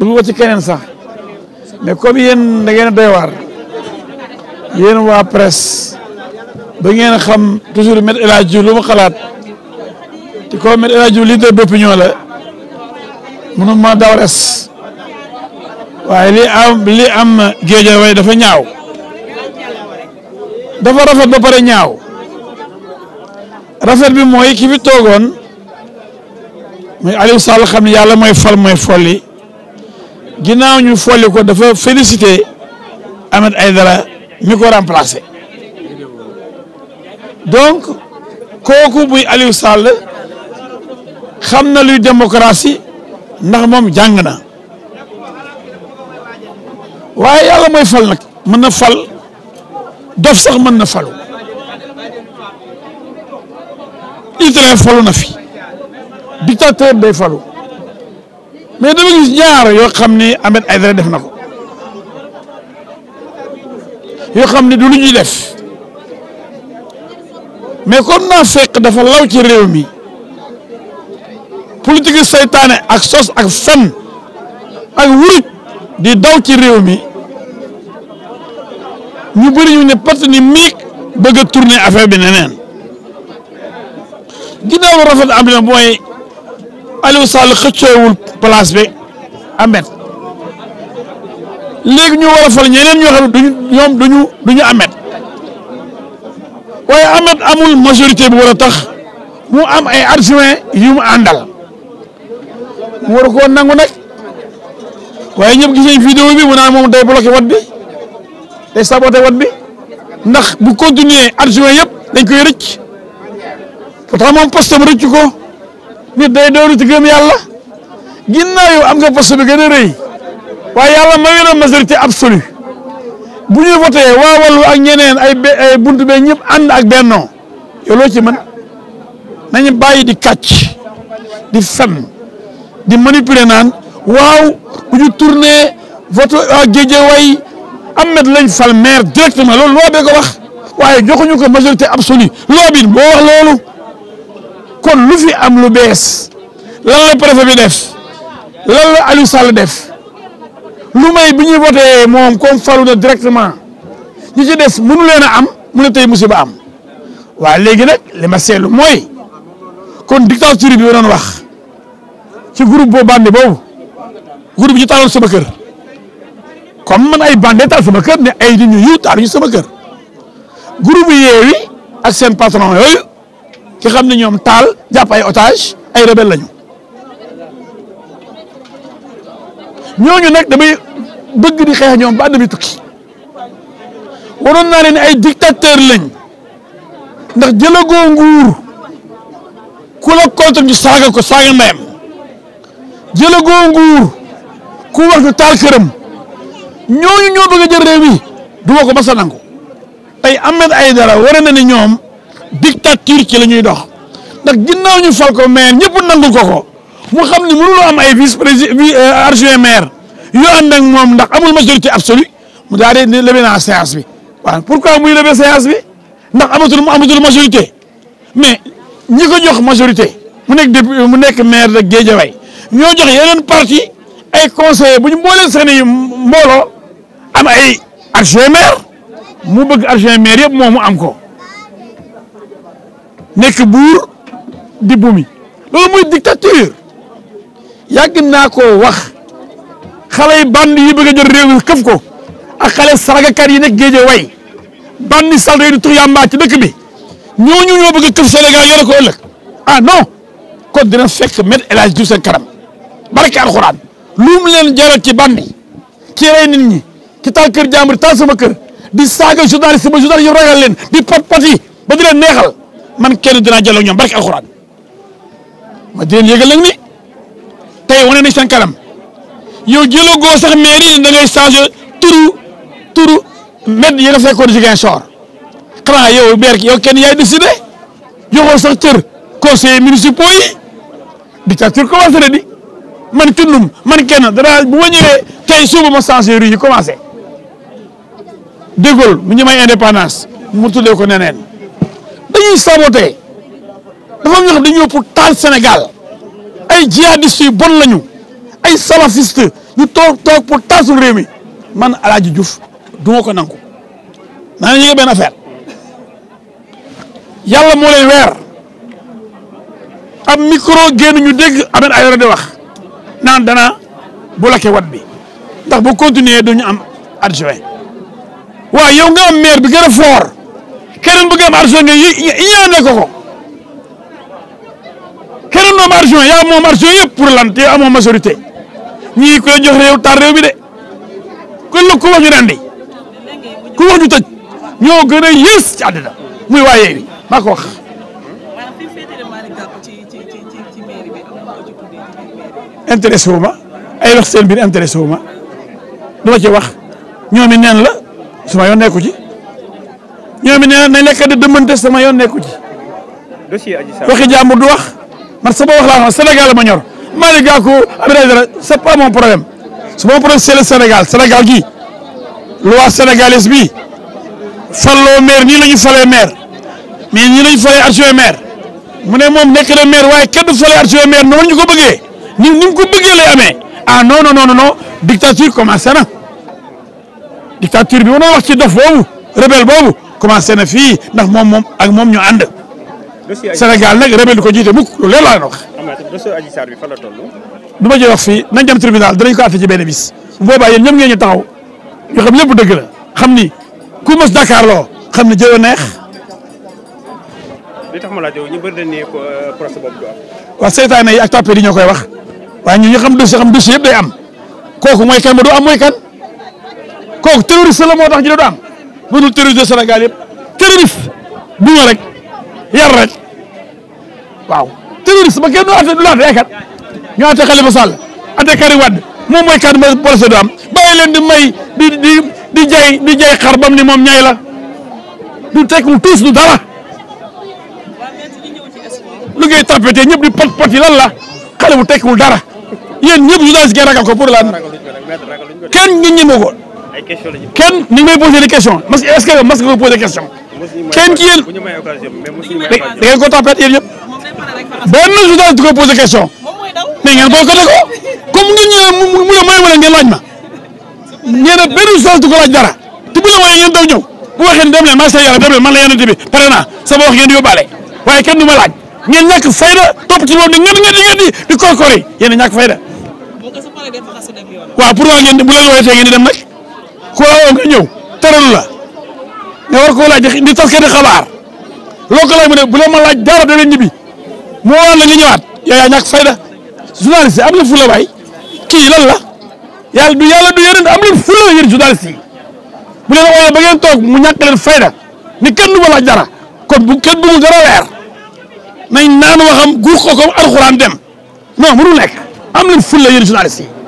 du ma ci keneen sax mais comme yéen da ngeen a doy waar yéen waa presse ba ngeen xam toujours Me El Hadji mu xalaat te comme Me El Hadji Diouf leader d'opinion la ma daw waaye li am li am dafa ñaaw dafa rafet ba pare ñaaw rafet bi mooy ki fi toogoon muy Aliou xam ne yàlla mooy fal mooy folli ginnaaw ñu folli ko dafa félicité Ahmed Aïdara mi ko remplacé donc kooku buy Aliou Sall xam na luy démocratie ndax moom jàng na waaye yàlla mooy fal nag mën na fal dof sax mën na falu Hitler falu na fi dictateur day falu mais dama gis ñaar yoo xam ni Ahmed Aidara def na ko yoo xam ni du lu ñuy def mais comme naa fekk dafa law ci réew mi politique seytaane ak sos ak fen ak wuruj di daw ci réew mi ñu bëri ñu ne parti ni miig bëgg a tourner affaire bi neneen ginnaaw rafet am na mooy Aliou Sall xëccoowul place bi amet léegi ñu war a fal ñeneen ñoo xam ne duñu ñoom duñu duñu amet waaye amet amul majorité bu war a tax mu am ay adjoint yu mu àndal mu war koo nangu nag waaye ñëpp gis nañ vidéo bi mu moom day bloqué wat bi day saboté wat bi ndax bu continuer adjoint yëpp dañ koy rëcc pourtant moom poste am rëcc ko nit day dooru ci gëm yàlla ginnaaw yow am nga poste bi gën a rëy waaye yàlla may na majorité absolue bu ñu voté waa wàllu ak ñeneen ay ay buntu bee ñëpp ànd ak bennoo yow loo ci man nañu bàyyi di kàcc di fen di manipuler naan waaw bu ñu tourné vote waa ah, Guédiawaye Ahmed lañ fal maire directement loolu loo bee ko wax waaye joxuñu ko majorité absolue loo bi moo wax loolu kon lu fi am lu bees lan la préfet bi def lan la Aliou Sall def lu may bi ñuy voté moom comme falu na directement ñi ci des mënu leen a am mu ne tey musiba am waaye léegi nag li ma seetlu mooy kon dictature bi ma doon wax ci groupe boo bande boobu groupe bi ñu taaloon sama kër comme man ay bande taal sama kër ne ay nit ñu yiw taaluñu sama kër groupe yi ak seen patron yooyu ki xam ne ñoom taal jàpp ay otage ay rebelle lañu. ñooñu nag damay bëgg di xeex ñoom ba àdduna bi tukki waroon naa ay dictateur lañ ndax jëlagoo nguur ku la contre ñu saaga ko saaga ndeyam jëlagoo nguur ku wax ñu taal këram ñooñu ñoo bëgg a jël réew mi du ma ko masa nangu tey ay dara wara na ni ñoom dictature ci la ñuy dox ndax ginnaaw ñu fal ko maire ñëpp nangu ko ko mu xam ne mënuloo am ay vice président euh, adjoint maire yu ànd ak moom ndax amul majorité absolue mu daal di levé naa séance bi waaw pourquoi muy levé séance bi ndax amatul mu amatul majorité mais ñi ko jox majorité mu nekk député mu nekk maire de Guédiawaye ñoo jox yeneen parti ay conseillers bu ñu mboolee seen i mbooloo am ay adjoint maire mu bëgg adjoint maire yëpp moom mu am ko nekk buur di bumi loolu muy dictature yàgg naa ko wax xale yi band yi bëgg a jël réew mi këf ko ak xale saragakat yi nekk géeje way bandi salta yi di tux yàmbaa ci dëkk bi ñooñu ñoo bëgg a këf Sénégal yore ko ëllëg ah non kon dina fekk met El Hadj Diouf seen kanam barke alxuraan lu leen jaral ci bandi ci nin ñi ci taal kër jàmbur taal sama kër di saaga journaliste ba journaliste yëpp ragal leen di pat ba di leen neexal man kenn dinaa jëloog ñoom barke alxuraan ma di leen ni liggéey wane nañ seen kanam yow jëlagoo sax mairie da ngay changé turu turu mbedd yi nga fekkoon Ziguinchor xanaa yow berk yow kenn yaay décidé yoxoo sax cër conseillers municipaux yi dictature commencé na di man tuddum man kenn dara bu ma tey suba ma changé rue yi commencé De Gaulle mu ñu may indépendance mu tuddee ko neneen dañuy saboté dafa am ñoo xam dañoo pour taal Sénégal ay jihadistes yu bon lañu ay salafiste ñu toog toog pour tasul réew mi man El Hadj Diouf du ma ko nangu. naa ñu ngi benn affaire yàlla moo leen weer am micro génn ñu dégg Ahmed Aïdara di wax naan dana bloqué wat bi ndax bu continuer duñu am adjoint waaw yow nga am maire bi gën a fort keneen bu nga am adjoint nga ñaanle ko moom argent yaa moom argent yëpp pour lan te amoo majorité ñii koy jox réew tar réew bi de nag ku wax ñu ku wax ñu tëj ñoo gën a yées ci àddina muy waaye Yewwi maa ko wax. intéressé wu ma ay wax seen biir intéressé wu ma du ma ci wax ñoom it neen la sama yoon nekku ci ñoom it neen nañ lekk di dëmbante sama yoon nekku ci. dossier Adji Sarr waxi jàmbur du wax. man sama wax laa xam Sénégal ma ñor Malick Gakou Abdoulaye Dara c'est pas mon problème c'est mon Sénégal Sénégal gi loi sénégalaise bi falloo maire nii la ñu falee maire mais nii la ñu falee adjoint mu ne moom nekk na maire waaye kenn du falee adjoint maire noonu ñu ko bëggee ni ni ko bëggee lay amee ah non non non non dictature commencé dictature bi mënoo wax ci dof boobu rebelle boobu commencé na fii ndax moom moom ak moom ñu ànd. Sénégal nag rebelle du ko jiite mukk loolu leer wax. fa la toll. du ma ci wax fii nañ dem tribunal danañ ko àtte ci benn bis bu boobaa yéen ñëpp ngeen ñu taxaw ñu xam lépp dëgg la xam ni ku mos Dakar loo xam ni jëw neex. li tax ma laajoo ñu bëri nañu ne euh, procès yi ak tapé yi ñoo koy wax waaye ñun ñu xam dossier xam dossier yëpp day am kooku mooy kan ba du am mooy kan kooku terroriste la moo tax ñu ne du am bu dul terroriste Sénégal yëpp terroriste bu rek. yar rek waaw terroriste ba kenn a àtte du laata te ñu àtte Khalifa Sall àtte Karim Wade moom mooy kat mooy procès du am bàyyi leen di may di di di jay di jay xar bam ni moom ñay la du teg mu tuus du dara lu ngay tapete ñëpp di pot pot yi lan la xale bu tekkul dara yéen ñëpp journaliste ngeen ragal ko pour lan kenn ngeen ñeme ko kenn ni may posé des questions parce que est mas nga ko posé question kenn ci yéen da ngeen ko tapé yéen yëpp benn journaliste du ko posé question mais ngeen boycotté ko comme ngeen ñëwee mu mu ne may ngeen laaj ma ngeen ne benn journaliste du ko laaj dara te bu la mayee ngeen da ñëw bu waxee dem leen maa ngi seen bi pare naa sama wax ngeen di yóbbaale waaye kenn du ma laaj ngeen ñàkk fayda topp ci loolu di ngeen ngeen di ngeen di di korkor yi yéen a ñàkk fayda waaw pour waa ngeen bu leen wooyee tey ngeen di dem nag ku la woo nga ñëw tëralu la loo ko laaj di tas kati xabaar loo ko laaj mu ne bu leen ma laaj dara da leen ñibbi moo la nga ñëwaat yow yaa ñàkk fayda journaliste am na fula waay kii lan la yàlla du yàlla du yeneen am leen fula yéen journaliste yi bu leen wala ba ngeen toog mu ñàkk leen fayda ni kenn du ma laaj dara kon bu kenn bëggul dara leer nañ naan waxam guux ko comme alxuraan dem non am leen fula yéen journaliste yi